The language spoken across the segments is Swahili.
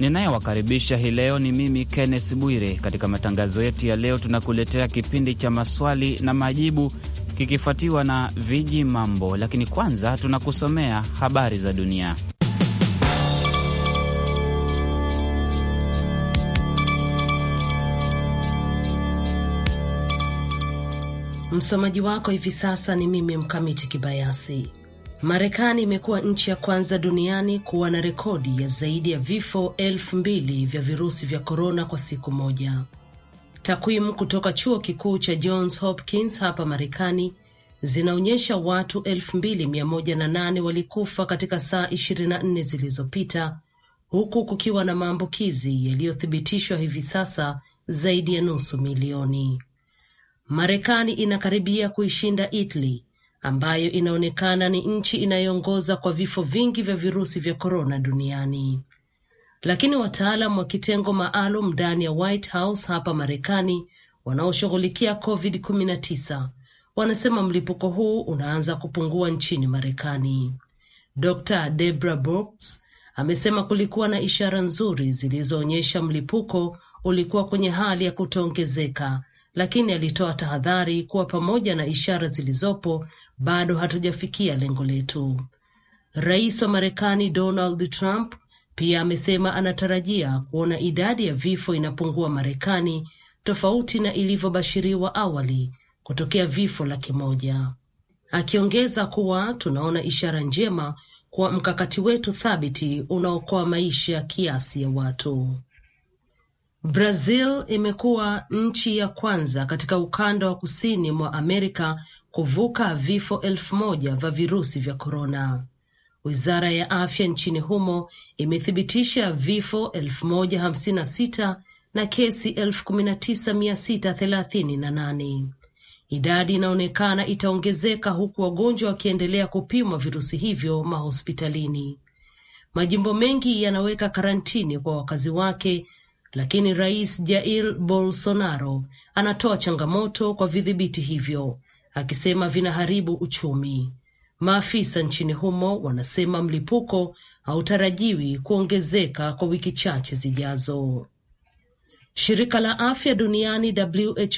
Ninayewakaribisha hii leo ni mimi kennes Bwire. Katika matangazo yetu ya leo, tunakuletea kipindi cha maswali na majibu kikifuatiwa na viji mambo, lakini kwanza tunakusomea habari za dunia. Msomaji wako hivi sasa ni mimi Mkamiti Kibayasi. Marekani imekuwa nchi ya kwanza duniani kuwa na rekodi ya zaidi ya vifo elfu mbili vya virusi vya korona kwa siku moja. Takwimu kutoka chuo kikuu cha Johns Hopkins hapa Marekani zinaonyesha watu 2108 walikufa katika saa 24 zilizopita, huku kukiwa na maambukizi yaliyothibitishwa hivi sasa zaidi ya nusu milioni. Marekani inakaribia kuishinda Italy ambayo inaonekana ni nchi inayoongoza kwa vifo vingi vya virusi vya korona duniani. Lakini wataalam wa kitengo maalum ndani ya White House hapa Marekani wanaoshughulikia COVID-19 wanasema mlipuko huu unaanza kupungua nchini Marekani. Dr. Debra Burks amesema kulikuwa na ishara nzuri zilizoonyesha mlipuko ulikuwa kwenye hali ya kutoongezeka lakini alitoa tahadhari kuwa pamoja na ishara zilizopo bado hatujafikia lengo letu. Rais wa Marekani Donald Trump pia amesema anatarajia kuona idadi ya vifo inapungua Marekani, tofauti na ilivyobashiriwa awali kutokea vifo laki moja, akiongeza kuwa tunaona ishara njema kuwa mkakati wetu thabiti unaokoa maisha kiasi ya watu. Brazil imekuwa nchi ya kwanza katika ukanda wa kusini mwa Amerika kuvuka vifo elfu moja vya virusi vya korona. Wizara ya afya nchini humo imethibitisha vifo elfu moja hamsini na sita na kesi elfu kumi na tisa mia sita thelathini na nane. Idadi inaonekana itaongezeka huku wagonjwa wakiendelea kupimwa virusi hivyo mahospitalini. Majimbo mengi yanaweka karantini kwa wakazi wake lakini Rais Jair Bolsonaro anatoa changamoto kwa vidhibiti hivyo akisema vinaharibu uchumi. Maafisa nchini humo wanasema mlipuko hautarajiwi kuongezeka kwa wiki chache zijazo. Shirika la Afya Duniani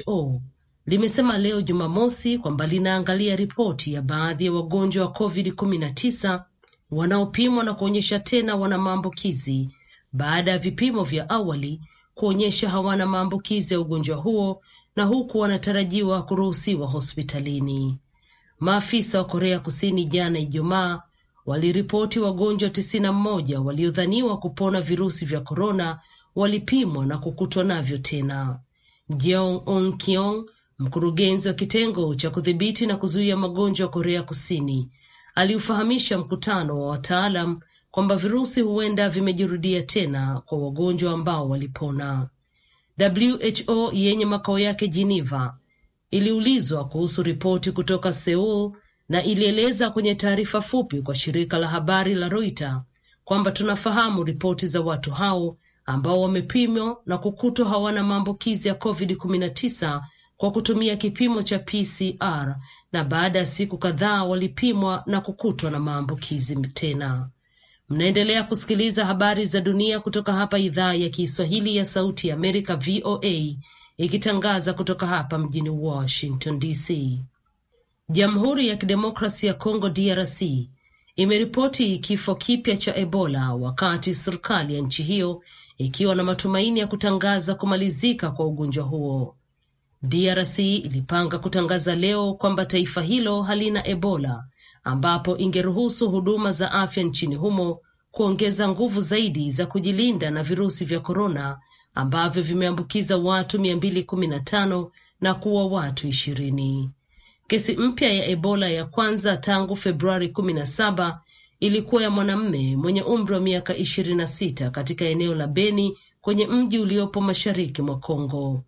WHO limesema leo Jumamosi kwamba linaangalia ripoti ya baadhi ya wagonjwa wa COVID-19 wanaopimwa na kuonyesha tena wana maambukizi baada ya vipimo vya awali kuonyesha hawana maambukizi ya ugonjwa huo na huku wanatarajiwa kuruhusiwa hospitalini. Maafisa wa Korea Kusini jana Ijumaa waliripoti wagonjwa tisini na mmoja waliodhaniwa kupona virusi vya korona walipimwa na kukutwa navyo tena. Jeong Un kiong mkurugenzi wa kitengo cha kudhibiti na kuzuia magonjwa Korea Kusini, aliufahamisha mkutano wa wataalam kwamba virusi huenda vimejirudia tena kwa wagonjwa ambao walipona. WHO yenye makao yake Geneva iliulizwa kuhusu ripoti kutoka Seoul na ilieleza kwenye taarifa fupi kwa shirika la habari la Reuters kwamba tunafahamu ripoti za watu hao ambao wamepimwa na kukutwa hawana maambukizi ya COVID-19 kwa kutumia kipimo cha PCR na baada ya siku kadhaa walipimwa na kukutwa na maambukizi tena. Mnaendelea kusikiliza habari za dunia kutoka hapa idhaa ya Kiswahili ya Sauti ya Amerika, VOA, ikitangaza kutoka hapa mjini Washington DC. Jamhuri ya Kidemokrasi ya Kongo, DRC, imeripoti kifo kipya cha Ebola, wakati serikali ya nchi hiyo ikiwa na matumaini ya kutangaza kumalizika kwa ugonjwa huo. DRC ilipanga kutangaza leo kwamba taifa hilo halina Ebola ambapo ingeruhusu huduma za afya nchini humo kuongeza nguvu zaidi za kujilinda na virusi vya korona ambavyo vimeambukiza watu mia mbili na kuwa kuua watu ishirini. Kesi mpya ya Ebola ya kwanza tangu Februari 17 ilikuwa ya mwanamume mwenye umri wa miaka 26 katika eneo la Beni kwenye mji uliopo mashariki mwa Kongo.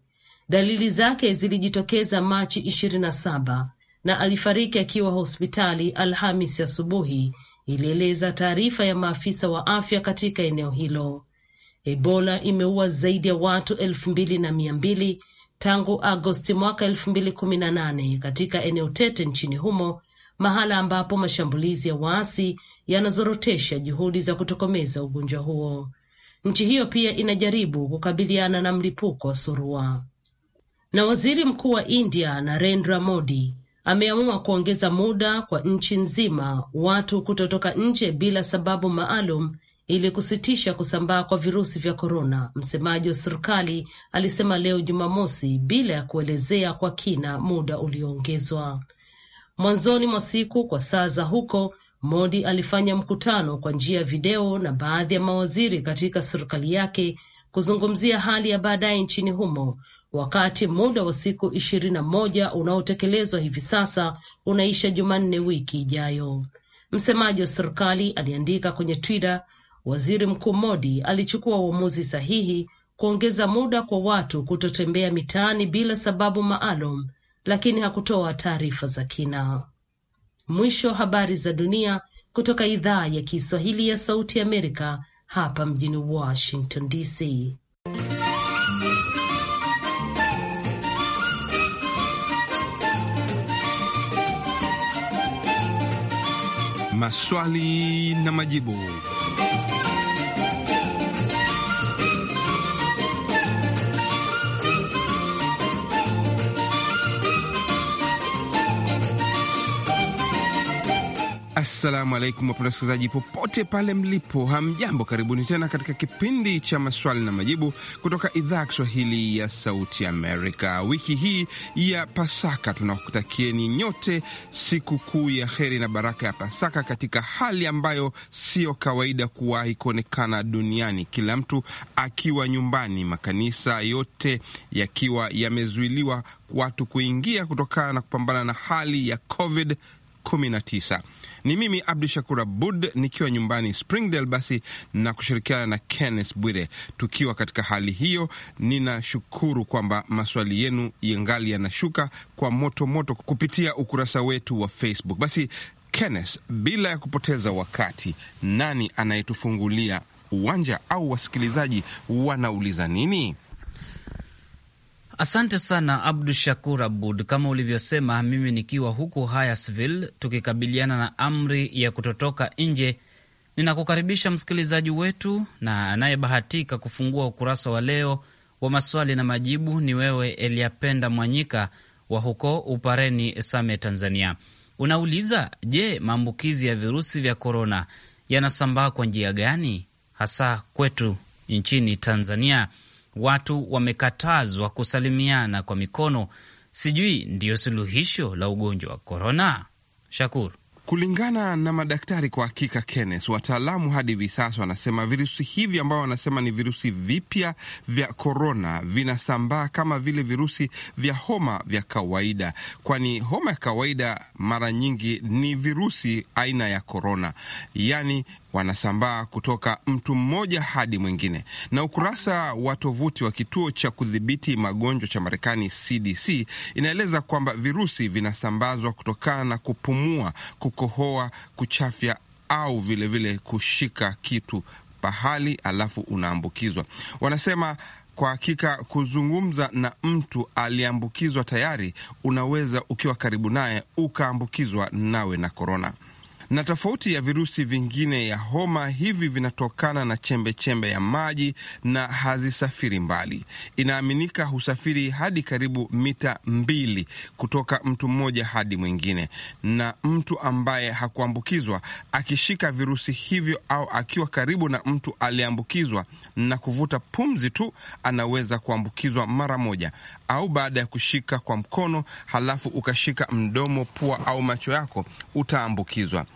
Dalili zake zilijitokeza Machi na alifariki akiwa hospitali Alhamis asubuhi, ilieleza taarifa ya maafisa wa afya katika eneo hilo. Ebola imeua zaidi ya watu elfu mbili na mia mbili tangu Agosti mwaka elfu mbili kumi na nane katika eneo tete nchini humo, mahala ambapo mashambulizi ya waasi yanazorotesha juhudi za kutokomeza ugonjwa huo. Nchi hiyo pia inajaribu kukabiliana na mlipuko wa surua. Na waziri mkuu wa India Narendra Modi ameamua kuongeza muda kwa nchi nzima watu kutotoka nje bila sababu maalum ili kusitisha kusambaa kwa virusi vya korona. Msemaji wa serikali alisema leo Jumamosi bila ya kuelezea kwa kina muda ulioongezwa. Mwanzoni mwa siku kwa saa za huko, Modi alifanya mkutano kwa njia ya video na baadhi ya mawaziri katika serikali yake kuzungumzia hali ya baadaye nchini humo wakati muda wa siku ishirini na moja unaotekelezwa hivi sasa unaisha Jumanne wiki ijayo. Msemaji wa serikali aliandika kwenye Twitter, waziri mkuu Modi alichukua uamuzi sahihi kuongeza muda kwa watu kutotembea mitaani bila sababu maalum, lakini hakutoa taarifa za kina. Mwisho habari za dunia kutoka idhaa ya Kiswahili ya Sauti Amerika hapa mjini Washington DC. maswali na majibu. Assalamu alaikum wapenda wasikilizaji popote pale mlipo, hamjambo. Karibuni tena katika kipindi cha maswali na majibu kutoka idhaa ya Kiswahili ya Sauti Amerika. Wiki hii ya Pasaka tunakutakieni nyote sikukuu ya heri na baraka ya Pasaka katika hali ambayo siyo kawaida kuwahi kuonekana duniani, kila mtu akiwa nyumbani, makanisa yote yakiwa yamezuiliwa watu kuingia kutokana na kupambana na hali ya COVID ni mimi Abdu Shakur Abud nikiwa nyumbani Springdale, basi na kushirikiana na Kenneth Bwire. Tukiwa katika hali hiyo, ninashukuru kwamba maswali yenu yangali yanashuka kwa moto moto kupitia ukurasa wetu wa Facebook. Basi Kenneth, bila ya kupoteza wakati, nani anayetufungulia uwanja au wasikilizaji wanauliza nini? Asante sana Abdu Shakur Abud. Kama ulivyosema, mimi nikiwa huku Hyattsville tukikabiliana na amri ya kutotoka nje, ninakukaribisha msikilizaji wetu, na anayebahatika kufungua ukurasa wa leo wa maswali na majibu ni wewe Eliapenda Mwanyika wa huko Upareni, Same, Tanzania. Unauliza, je, maambukizi ya virusi vya korona yanasambaa kwa njia gani, hasa kwetu nchini Tanzania? watu wamekatazwa kusalimiana kwa mikono. Sijui ndiyo suluhisho la ugonjwa wa korona. Shakur, kulingana na madaktari, kwa hakika Kenneth, wataalamu hadi hivi sasa wanasema virusi hivi ambao wanasema ni virusi vipya vya korona vinasambaa kama vile virusi vya homa vya kawaida, kwani homa ya kawaida mara nyingi ni virusi aina ya korona, yaani wanasambaa kutoka mtu mmoja hadi mwingine. Na ukurasa wa tovuti wa kituo cha kudhibiti magonjwa cha Marekani, CDC, inaeleza kwamba virusi vinasambazwa kutokana na kupumua, kukohoa, kuchafya au vilevile vile kushika kitu pahali alafu unaambukizwa. Wanasema kwa hakika kuzungumza na mtu aliyeambukizwa tayari, unaweza ukiwa karibu naye ukaambukizwa nawe na korona na tofauti ya virusi vingine ya homa, hivi vinatokana na chembe -chembe ya maji na hazisafiri mbali. Inaaminika husafiri hadi karibu mita mbili kutoka mtu mmoja hadi mwingine, na mtu ambaye hakuambukizwa akishika virusi hivyo au akiwa karibu na mtu aliyeambukizwa na kuvuta pumzi tu, anaweza kuambukizwa mara moja, au baada ya kushika kwa mkono halafu ukashika mdomo, pua au macho yako, utaambukizwa.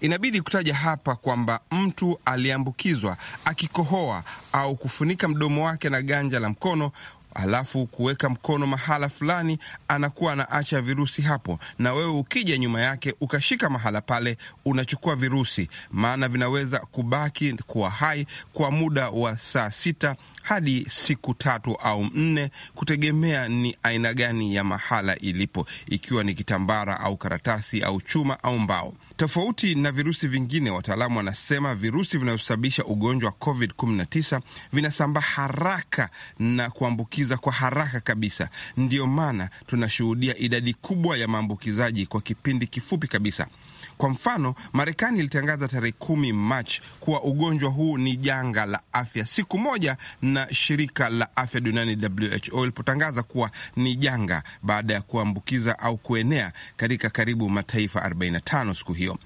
Inabidi kutaja hapa kwamba mtu aliambukizwa akikohoa au kufunika mdomo wake na ganja la mkono alafu kuweka mkono mahala fulani, anakuwa anaacha virusi hapo, na wewe ukija nyuma yake ukashika mahala pale, unachukua virusi, maana vinaweza kubaki kuwa hai kwa muda wa saa sita hadi siku tatu au nne, kutegemea ni aina gani ya mahala ilipo, ikiwa ni kitambara au karatasi au chuma au mbao. Tofauti na virusi vingine, wataalamu wanasema virusi vinavyosababisha ugonjwa wa COVID-19 vinasambaa haraka na kuambukiza kwa haraka kabisa. Ndiyo maana tunashuhudia idadi kubwa ya maambukizaji kwa kipindi kifupi kabisa. Kwa mfano, Marekani ilitangaza tarehe kumi Machi kuwa ugonjwa huu ni janga la afya, siku moja na shirika la afya duniani WHO ilipotangaza kuwa ni janga baada ya kuambukiza au kuenea katika karibu mataifa 45 siku hiyo.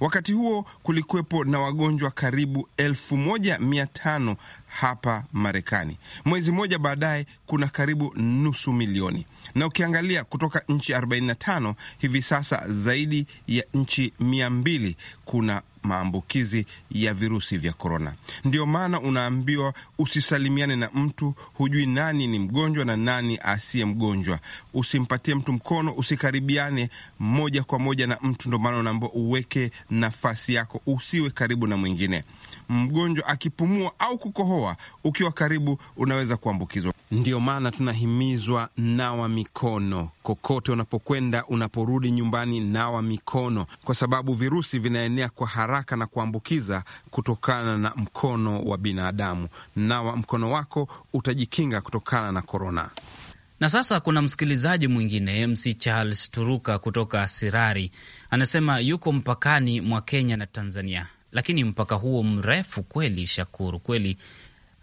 Wakati huo kulikuwepo na wagonjwa karibu elfu moja mia tano hapa Marekani. Mwezi mmoja baadaye kuna karibu nusu milioni, na ukiangalia kutoka nchi 45 hivi sasa zaidi ya nchi mia mbili kuna maambukizi ya virusi vya korona. Ndio maana unaambiwa usisalimiane na mtu, hujui nani ni mgonjwa na nani asiye mgonjwa. Usimpatie mtu mkono, usikaribiane moja kwa moja na mtu. Ndio maana unaambiwa uweke nafasi yako, usiwe karibu na mwingine mgonjwa akipumua au kukohoa ukiwa karibu, unaweza kuambukizwa. Ndiyo maana tunahimizwa nawa mikono kokote unapokwenda, unaporudi nyumbani, nawa mikono, kwa sababu virusi vinaenea kwa haraka na kuambukiza kutokana na mkono wa binadamu. Nawa mkono wako, utajikinga kutokana na korona. Na sasa kuna msikilizaji mwingine, MC Charles Turuka kutoka Sirari, anasema yuko mpakani mwa Kenya na Tanzania lakini mpaka huo mrefu kweli, Shakuru, kweli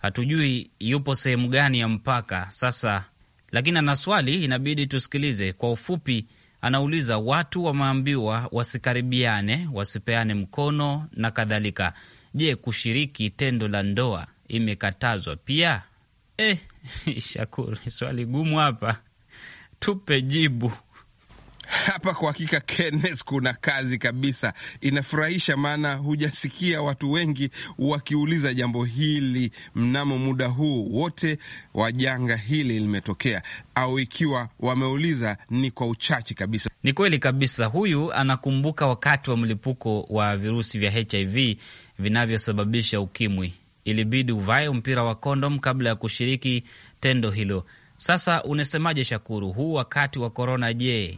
hatujui yupo sehemu gani ya mpaka sasa, lakini ana swali, inabidi tusikilize kwa ufupi. Anauliza, watu wameambiwa wasikaribiane, wasipeane mkono na kadhalika. Je, kushiriki tendo la ndoa imekatazwa pia? Eh, Shakuru, swali gumu hapa, tupe jibu. Hapa kwa hakika Kenneth, kuna kazi kabisa, inafurahisha. Maana hujasikia watu wengi wakiuliza jambo hili mnamo muda huu wote wa janga hili limetokea, au ikiwa wameuliza ni kwa uchache kabisa. Ni kweli kabisa, huyu anakumbuka wakati wa mlipuko wa virusi vya HIV vinavyosababisha ukimwi, ilibidi uvae mpira wa kondom kabla ya kushiriki tendo hilo. Sasa unasemaje, Shakuru, huu wakati wa korona, je,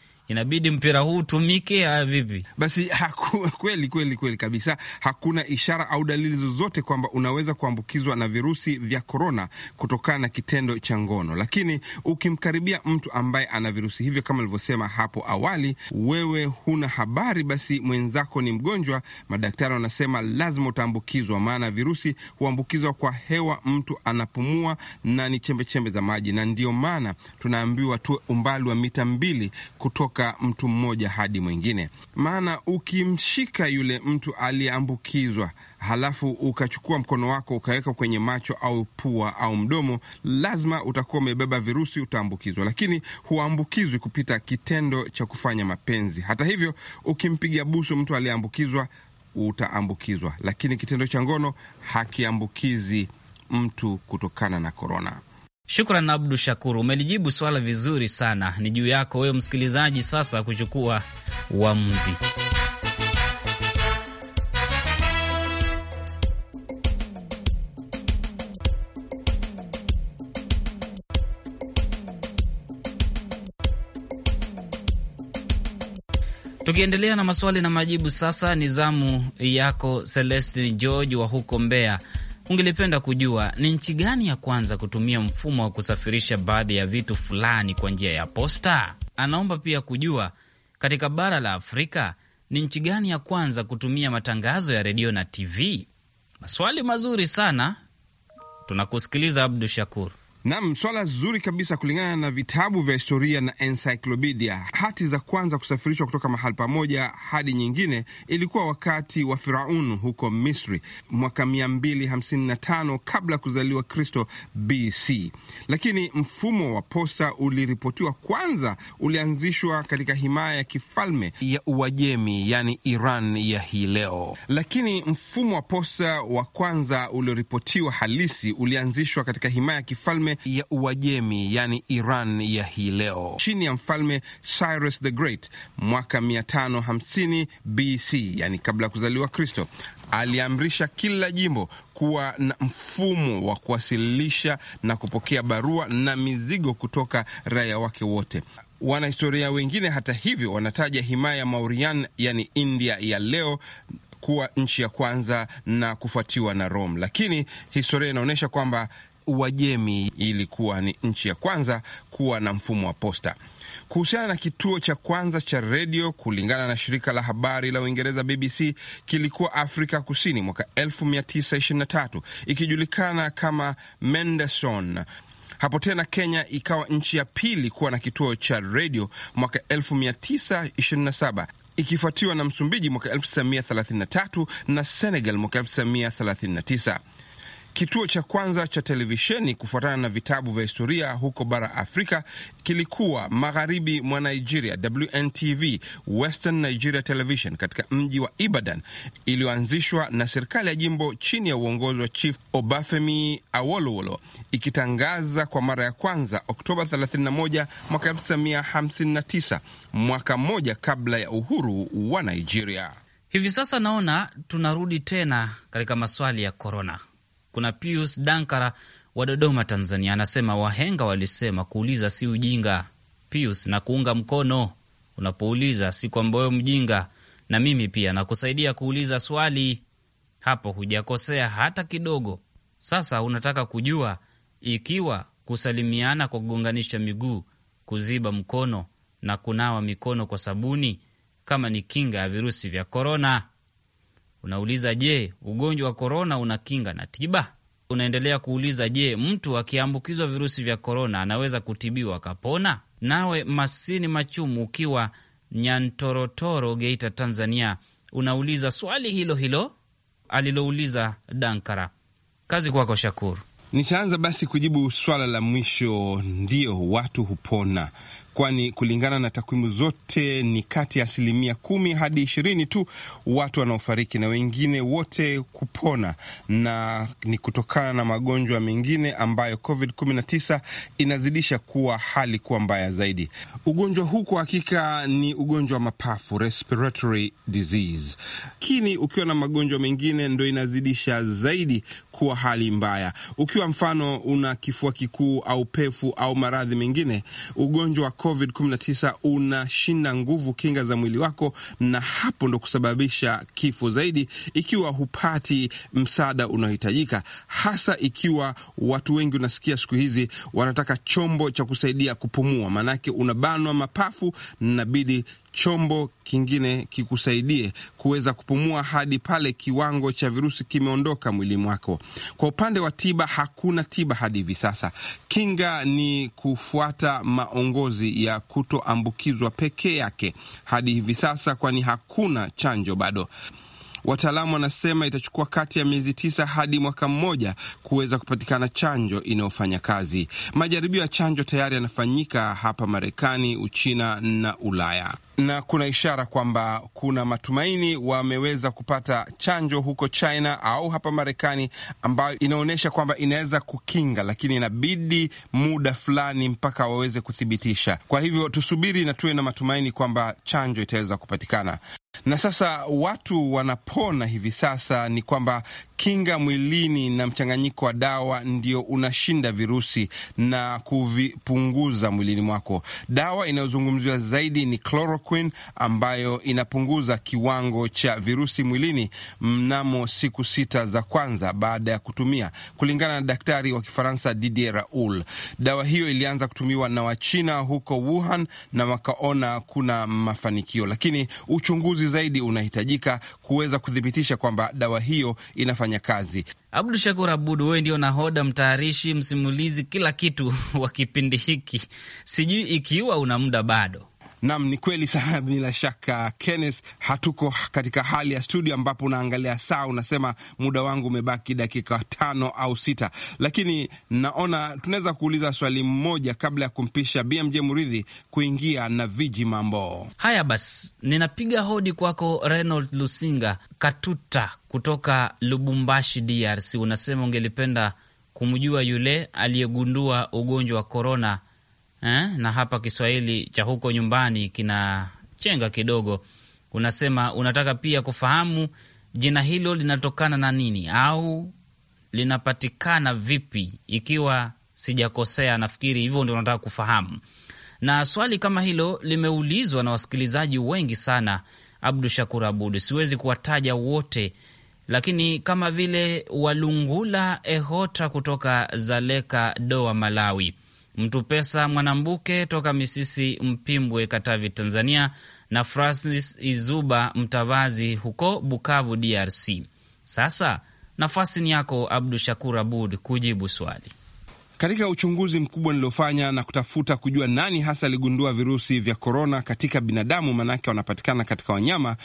inabidi mpira huu utumike. Haya, vipi basi? Haku, kweli kweli kweli kabisa, hakuna ishara au dalili zozote kwamba unaweza kuambukizwa na virusi vya korona kutokana na kitendo cha ngono, lakini ukimkaribia mtu ambaye ana virusi hivyo, kama alivyosema hapo awali, wewe huna habari, basi mwenzako ni mgonjwa, madaktari wanasema lazima utaambukizwa, maana virusi huambukizwa kwa hewa, mtu anapumua na ni chembechembe za maji, na ndiyo maana tunaambiwa tuwe umbali wa mita mbili kutoka kutoka mtu mmoja hadi mwingine, maana ukimshika yule mtu aliyeambukizwa halafu ukachukua mkono wako ukaweka kwenye macho au pua au mdomo, lazima utakuwa umebeba virusi, utaambukizwa. Lakini huambukizwi kupita kitendo cha kufanya mapenzi. Hata hivyo, ukimpiga busu mtu aliyeambukizwa utaambukizwa, lakini kitendo cha ngono hakiambukizi mtu kutokana na korona. Shukran Abdu Shakur, umelijibu swala vizuri sana. Ni juu yako wewe msikilizaji sasa kuchukua uamuzi. Tukiendelea na maswali na majibu sasa, ni zamu yako Celestin George wa huko Mbeya ungelipenda kujua ni nchi gani ya kwanza kutumia mfumo wa kusafirisha baadhi ya vitu fulani kwa njia ya posta. Anaomba pia kujua katika bara la Afrika ni nchi gani ya kwanza kutumia matangazo ya redio na TV. Maswali mazuri sana, tunakusikiliza Abdu Shakur. Nam, swala zuri kabisa. Kulingana na vitabu vya historia na encyclopedia, hati za kwanza kusafirishwa kutoka mahali pamoja hadi nyingine ilikuwa wakati wa Firaun huko Misri mwaka 255 kabla ya kuzaliwa Kristo BC. Lakini mfumo wa posta uliripotiwa kwanza ulianzishwa katika himaya ya kifalme ya Uajemi, yani Iran ya hii leo. Lakini mfumo wa posta wa kwanza ulioripotiwa halisi ulianzishwa katika himaya ya kifalme mfalme ya Uajemi, yani Iran ya hii leo, chini ya mfalme Cyrus the Great mwaka 550 BC, yani kabla ya kuzaliwa Kristo. Aliamrisha kila jimbo kuwa na mfumo wa kuwasilisha na kupokea barua na mizigo kutoka raia wake wote. Wanahistoria wengine, hata hivyo, wanataja himaya ya Mauryan, yani India ya leo kuwa nchi ya kwanza na kufuatiwa na Rome, lakini historia inaonyesha kwamba Uajemi ilikuwa ni nchi ya kwanza kuwa na mfumo wa posta. Kuhusiana na kituo cha kwanza cha redio, kulingana na shirika la habari la Uingereza BBC, kilikuwa Afrika Kusini mwaka 1923 ikijulikana kama mendeson Hapo tena Kenya ikawa nchi ya pili kuwa na kituo cha redio mwaka 1927 ikifuatiwa na Msumbiji mwaka 1933 na Senegal mwaka 1939. Kituo cha kwanza cha televisheni kufuatana na vitabu vya historia huko bara Afrika kilikuwa magharibi mwa Nigeria, WNTV, Western Nigeria Television, katika mji wa Ibadan, iliyoanzishwa na serikali ya jimbo chini ya uongozi wa Chief Obafemi awolowolo ikitangaza kwa mara ya kwanza Oktoba 31 mwaka 1959, mwaka mmoja kabla ya uhuru wa Nigeria. Hivi sasa naona tunarudi tena katika maswali ya korona. Kuna Pius Dankara wa Dodoma, Tanzania, anasema wahenga walisema kuuliza si ujinga. Pius, na kuunga mkono unapouliza, si kwamba wewe mjinga, na mimi pia nakusaidia kuuliza swali hapo, hujakosea hata kidogo. Sasa unataka kujua ikiwa kusalimiana kwa kugonganisha miguu, kuziba mkono na kunawa mikono kwa sabuni kama ni kinga ya virusi vya korona. Unauliza, je, ugonjwa wa korona una kinga na tiba? Unaendelea kuuliza, je, mtu akiambukizwa virusi vya korona anaweza kutibiwa akapona? Nawe Masini Machumu ukiwa Nyantorotoro, Geita, Tanzania, unauliza swali hilo hilo alilouliza Dankara. Kazi kwako Shakuru. Nishaanza basi kujibu swala la mwisho. Ndiyo, watu hupona kwani kulingana na takwimu zote ni kati ya asilimia kumi hadi ishirini tu watu wanaofariki na wengine wote kupona, na ni kutokana na magonjwa mengine ambayo COVID-19 inazidisha kuwa hali kuwa mbaya zaidi. Ugonjwa huu kwa hakika ni ugonjwa wa mapafu, respiratory disease, lakini ukiwa na magonjwa mengine ndo inazidisha zaidi kuwa hali mbaya. Ukiwa mfano una kifua kikuu au pefu au maradhi mengine, ugonjwa COVID-19 unashinda nguvu kinga za mwili wako, na hapo ndo kusababisha kifo zaidi, ikiwa hupati msaada unaohitajika, hasa ikiwa watu wengi unasikia siku hizi wanataka chombo cha kusaidia kupumua, maanake unabanwa mapafu, nabidi chombo kingine kikusaidie kuweza kupumua hadi pale kiwango cha virusi kimeondoka mwili mwako. Kwa upande wa tiba, hakuna tiba hadi hivi sasa. Kinga ni kufuata maongozi ya kutoambukizwa pekee yake hadi hivi sasa, kwani hakuna chanjo bado. Wataalamu wanasema itachukua kati ya miezi tisa hadi mwaka mmoja kuweza kupatikana chanjo inayofanya kazi. Majaribio ya chanjo tayari yanafanyika hapa Marekani, Uchina na Ulaya na kuna ishara kwamba kuna matumaini wameweza kupata chanjo huko China au hapa Marekani, ambayo inaonyesha kwamba inaweza kukinga, lakini inabidi muda fulani mpaka waweze kuthibitisha. Kwa hivyo tusubiri na tuwe na matumaini kwamba chanjo itaweza kupatikana. Na sasa watu wanapona hivi sasa, ni kwamba kinga mwilini na mchanganyiko wa dawa ndio unashinda virusi na kuvipunguza mwilini mwako. Dawa inayozungumziwa zaidi ni chloroquine chloroquine ambayo inapunguza kiwango cha virusi mwilini mnamo siku sita za kwanza baada ya kutumia, kulingana na daktari wa Kifaransa Didier Raoul. Dawa hiyo ilianza kutumiwa na Wachina huko Wuhan na wakaona kuna mafanikio, lakini uchunguzi zaidi unahitajika kuweza kuthibitisha kwamba dawa hiyo inafanya kazi. Abdu Shakur Abud, wewe ndio nahoda, mtayarishi, msimulizi, kila kitu wa kipindi hiki. Sijui ikiwa una muda bado Nam, ni kweli sana, bila shaka Kenneth, hatuko katika hali ya studio ambapo unaangalia saa unasema muda wangu umebaki dakika tano au sita, lakini naona tunaweza kuuliza swali mmoja kabla ya kumpisha BMJ Muridhi kuingia na viji mambo haya. Basi ninapiga hodi kwako renold Lusinga Katuta kutoka Lubumbashi, DRC. Unasema ungelipenda kumjua yule aliyegundua ugonjwa wa korona eh? Na hapa Kiswahili cha huko nyumbani kinachenga kidogo. Unasema unataka pia kufahamu jina hilo linatokana na nini au linapatikana vipi, ikiwa sijakosea. Nafikiri hivyo ndio unataka kufahamu, na swali kama hilo limeulizwa na wasikilizaji wengi sana. Abdu Shakur Abud, siwezi kuwataja wote, lakini kama vile Walungula Ehota kutoka Zaleka Doa, Malawi, Mtu Pesa Mwanambuke toka Misisi Mpimbwe, Katavi, Tanzania, na Francis Izuba Mtavazi huko Bukavu, DRC. Sasa nafasi ni yako Abdu Shakur Abud kujibu swali. Katika uchunguzi mkubwa niliofanya na kutafuta kujua nani hasa aligundua virusi vya korona katika binadamu, maanake wanapatikana katika wanyama,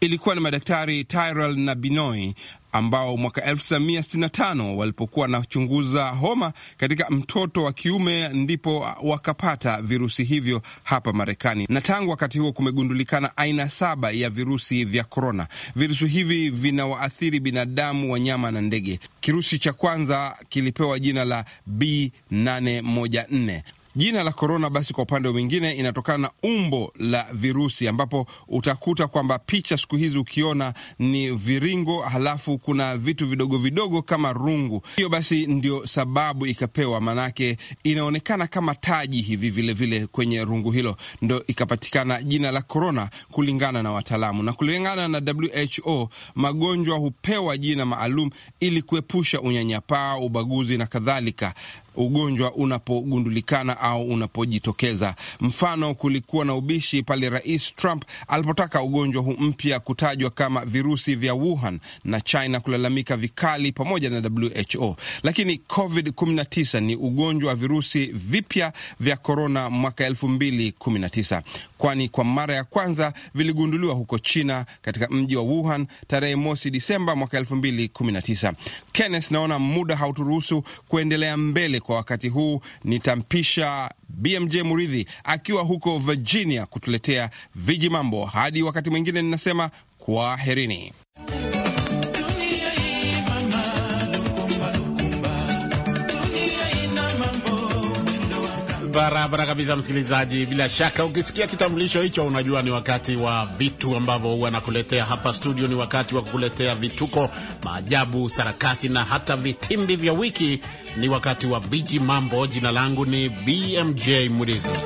ilikuwa ni madaktari Tyrell na Binoy ambao mwaka 1965 walipokuwa wanachunguza homa katika mtoto wa kiume ndipo wakapata virusi hivyo hapa Marekani, na tangu wakati huo kumegundulikana aina saba ya virusi vya korona. Virusi hivi vinawaathiri binadamu, wanyama na ndege. Kirusi cha kwanza kilipewa jina la B814 Jina la korona basi, kwa upande mwingine, inatokana na umbo la virusi, ambapo utakuta kwamba picha siku hizi ukiona ni viringo, halafu kuna vitu vidogo vidogo kama rungu. Hiyo basi ndio sababu ikapewa, manake inaonekana kama taji hivi vilevile vile kwenye rungu hilo, ndo ikapatikana jina la korona, kulingana na wataalamu na kulingana na WHO. Magonjwa hupewa jina maalum ili kuepusha unyanyapaa, ubaguzi na kadhalika ugonjwa unapogundulikana au unapojitokeza. Mfano, kulikuwa na ubishi pale Rais Trump alipotaka ugonjwa huu mpya kutajwa kama virusi vya Wuhan na China kulalamika vikali pamoja na WHO. Lakini COVID-19 ni ugonjwa wa virusi vipya vya korona mwaka 2019, kwani kwa mara ya kwanza viligunduliwa huko China katika mji wa Wuhan tarehe mosi Disemba mwaka 2019. Kenneth, naona muda hauturuhusu kuendelea mbele kwa wakati huu nitampisha BMJ Muridhi akiwa huko Virginia kutuletea viji mambo. Hadi wakati mwingine, ninasema kwaherini. Barabara kabisa, msikilizaji. Bila shaka ukisikia kitambulisho hicho, unajua ni wakati wa vitu ambavyo huwa nakuletea hapa studio. Ni wakati wa kukuletea vituko, maajabu, sarakasi na hata vitimbi vya wiki. Ni wakati wa viji mambo. Jina langu ni BMJ Murithi.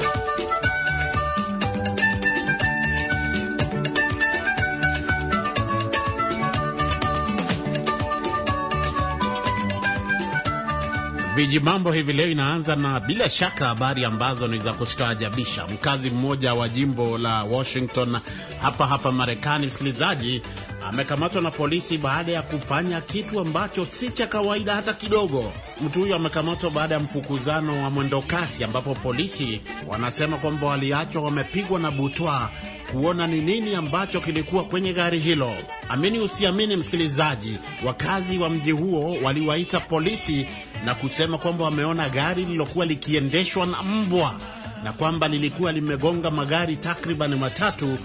Viji mambo hivi leo inaanza na bila shaka habari ambazo ni za kustaajabisha. Mkazi mmoja wa jimbo la Washington hapa hapa Marekani, msikilizaji, amekamatwa na polisi baada ya kufanya kitu ambacho si cha kawaida hata kidogo. Mtu huyo amekamatwa baada ya mfukuzano wa mwendokasi, ambapo polisi wanasema kwamba waliachwa wamepigwa na butwaa kuona ni nini ambacho kilikuwa kwenye gari hilo. Amini usiamini, msikilizaji, wakazi wa mji huo waliwaita polisi na kusema kwamba wameona gari lililokuwa likiendeshwa na mbwa na kwamba lilikuwa limegonga magari takriban matatu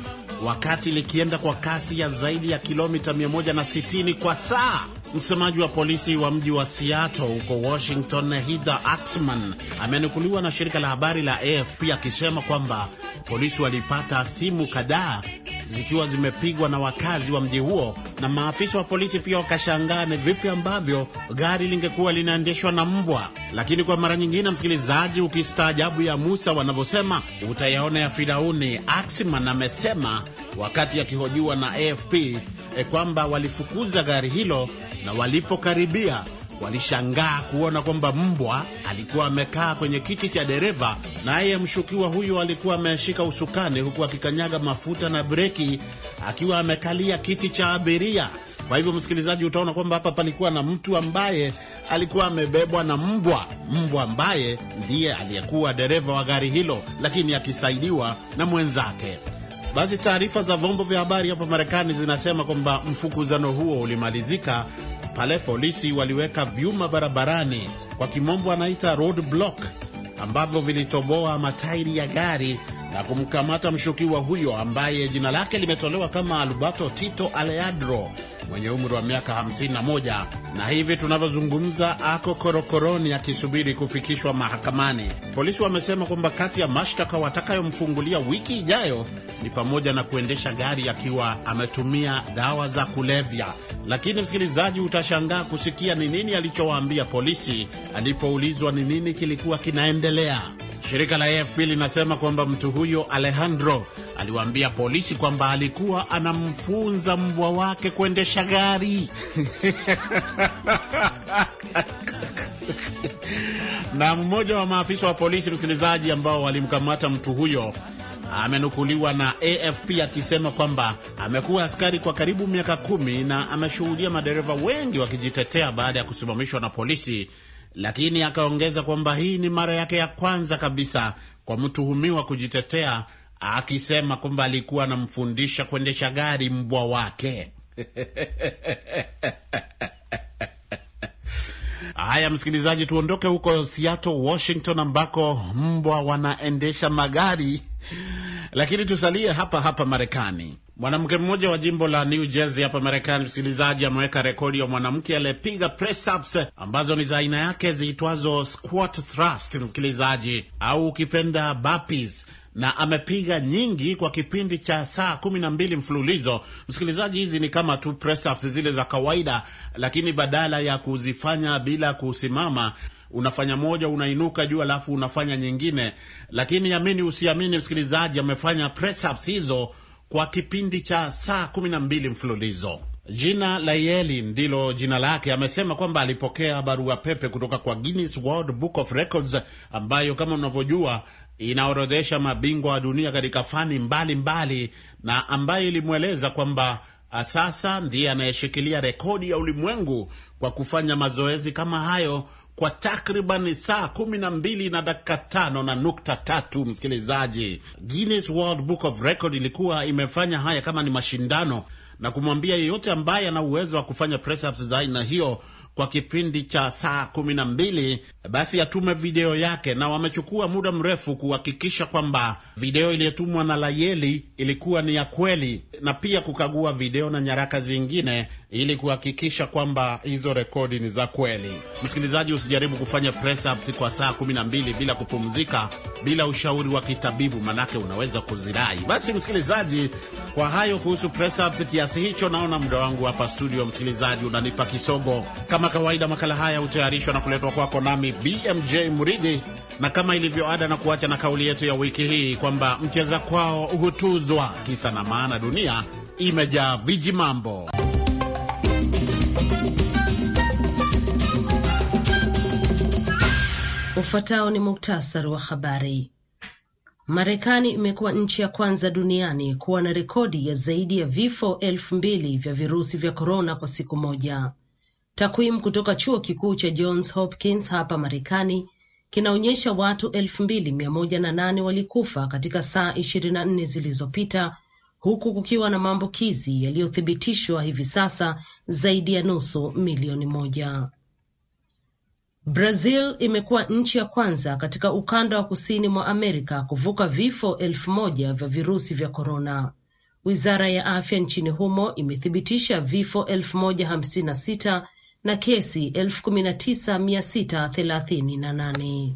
wakati likienda kwa kasi ya zaidi ya kilomita 160 kwa saa. Msemaji wa polisi wa mji wa Seattle huko Washington, Heather Axman amenukuliwa na shirika la habari la AFP akisema kwamba polisi walipata simu kadhaa zikiwa zimepigwa na wakazi wa mji huo, na maafisa wa polisi pia wakashangaa ni vipi ambavyo gari lingekuwa linaendeshwa na mbwa. Lakini kwa mara nyingine, msikilizaji, ukistaajabu ya Musa wanavyosema utayaona ya Firauni. Axman amesema wakati akihojiwa na AFP e, eh, kwamba walifukuza gari hilo na walipokaribia walishangaa kuona kwamba mbwa alikuwa amekaa kwenye kiti cha dereva, naye mshukiwa huyo alikuwa ameshika usukani huku akikanyaga mafuta na breki akiwa amekalia kiti cha abiria. Kwa hivyo, msikilizaji, utaona kwamba hapa palikuwa na mtu ambaye alikuwa amebebwa na mbwa, mbwa ambaye ndiye aliyekuwa dereva wa gari hilo, lakini akisaidiwa na mwenzake. Basi taarifa za vyombo vya habari hapa Marekani zinasema kwamba mfukuzano huo ulimalizika pale polisi waliweka vyuma barabarani, kwa kimombo anaita road block, ambavyo vilitoboa matairi ya gari na kumkamata mshukiwa huyo ambaye jina lake limetolewa kama Alberto Tito Aleandro mwenye umri wa miaka 51 na hivi tunavyozungumza ako korokoroni akisubiri kufikishwa mahakamani. Polisi wamesema kwamba kati ya mashtaka watakayomfungulia wiki ijayo ni pamoja na kuendesha gari akiwa ametumia dawa za kulevya. Lakini msikilizaji, utashangaa kusikia ni nini alichowaambia polisi alipoulizwa ni nini kilikuwa kinaendelea. Shirika la AFP linasema kwamba mtu huyo Alejandro aliwaambia polisi kwamba alikuwa anamfunza mbwa wake kuendesha gari na mmoja wa maafisa wa polisi, msikilizaji, ambao walimkamata mtu huyo amenukuliwa na AFP akisema kwamba amekuwa askari kwa karibu miaka kumi na ameshuhudia madereva wengi wakijitetea baada ya kusimamishwa na polisi lakini akaongeza kwamba hii ni mara yake ya kwanza kabisa kwa mtuhumiwa kujitetea, akisema kwamba alikuwa anamfundisha kuendesha gari mbwa wake. Haya, msikilizaji, tuondoke huko Seattle, Washington, ambako mbwa wanaendesha magari lakini tusalie hapa hapa Marekani. Mwanamke mmoja wa jimbo la New Jersey hapa Marekani, msikilizaji, ameweka rekodi ya mwanamke aliyepiga press ups ambazo ni za aina yake ziitwazo squat thrust, msikilizaji, au ukipenda burpees na amepiga nyingi kwa kipindi cha saa kumi na mbili mfululizo. Msikilizaji, hizi ni kama tu press ups zile za kawaida, lakini badala ya kuzifanya bila kusimama unafanya moja, unainuka juu, alafu unafanya nyingine. Lakini amini usiamini, msikilizaji, amefanya press ups hizo kwa kipindi cha saa kumi na mbili mfululizo. Jina Yeli ndilo jina lake. Amesema kwamba alipokea barua pepe kutoka kwa Guinness World Book of Records ambayo kama unavyojua inaorodhesha mabingwa wa dunia katika fani mbalimbali mbali, na ambayo ilimweleza kwamba ah, sasa ndiye anayeshikilia rekodi ya ulimwengu kwa kufanya mazoezi kama hayo kwa takriban saa kumi na mbili na dakika tano na nukta tatu. Msikilizaji, Guinness World Book of Record ilikuwa imefanya haya kama ni mashindano na kumwambia yeyote ambaye ana uwezo wa kufanya press ups za aina hiyo kwa kipindi cha saa kumi na mbili basi atume video yake, na wamechukua muda mrefu kuhakikisha kwamba video iliyotumwa na Layeli ilikuwa ni ya kweli, na pia kukagua video na nyaraka zingine ili kuhakikisha kwamba hizo rekodi ni za kweli. Msikilizaji, usijaribu kufanya press ups kwa saa kumi na mbili bila kupumzika, bila ushauri wa kitabibu, manake unaweza kuzirai. Basi msikilizaji, kwa hayo kuhusu press ups kiasi hicho, naona muda wangu hapa studio, msikilizaji, unanipa kisogo kama kama kawaida, makala haya hutayarishwa na kuletwa kwako nami BMJ Mridhi, na kama ilivyo ada, na kuacha na kauli yetu ya wiki hii kwamba mcheza kwao hutuzwa. Kisa na maana, dunia imejaa viji mambo. Ufuatao ni muktasari wa habari. Marekani imekuwa nchi ya kwanza duniani kuwa na rekodi ya zaidi ya vifo elfu mbili vya virusi vya korona kwa siku moja. Takwimu kutoka chuo kikuu cha Johns Hopkins hapa Marekani kinaonyesha watu 28 walikufa katika saa 24 zilizopita huku kukiwa na maambukizi yaliyothibitishwa hivi sasa zaidi ya nusu milioni moja. Brazil imekuwa nchi ya kwanza katika ukanda wa kusini mwa Amerika kuvuka vifo elfu moja vya virusi vya korona. Wizara ya afya nchini humo imethibitisha vifo elfu moja hamsini na sita na kesi elfu kumi na tisa mia sita thelathini na nane